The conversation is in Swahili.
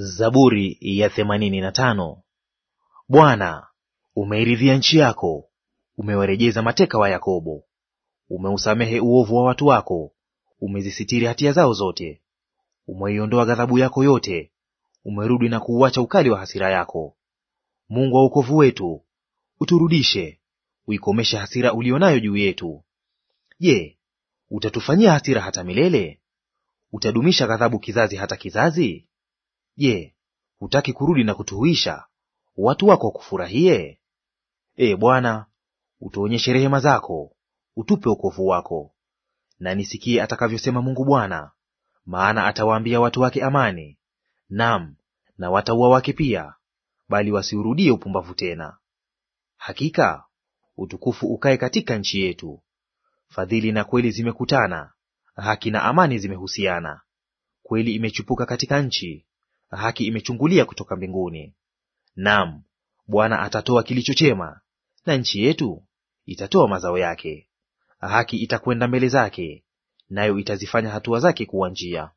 Zaburi ya themanini na tano. Bwana, umeiridhia nchi yako, umewarejeza mateka wa Yakobo. Umeusamehe uovu wa watu wako, umezisitiri hatia zao zote. Umeiondoa ghadhabu yako yote, umerudi na kuuacha ukali wa hasira yako. Mungu wa wokovu wetu, uturudishe, uikomeshe hasira ulio nayo juu yetu. Je, utatufanyia hasira hata milele? Utadumisha ghadhabu kizazi hata kizazi? Je, hutaki kurudi na kutuhuisha watu wako wakufurahie? e Bwana, utuonyeshe rehema zako, utupe wokovu wako. Na nisikie atakavyosema Mungu Bwana, maana atawaambia watu wake amani, nam na watauwa wake pia, bali wasiurudie upumbavu tena. Hakika utukufu ukae katika nchi yetu. Fadhili na kweli zimekutana, haki na amani zimehusiana. Kweli imechupuka katika nchi, haki imechungulia kutoka mbinguni. Naam, Bwana atatoa kilicho chema, na nchi yetu itatoa mazao yake. Haki itakwenda mbele zake, nayo itazifanya hatua zake kuwa njia.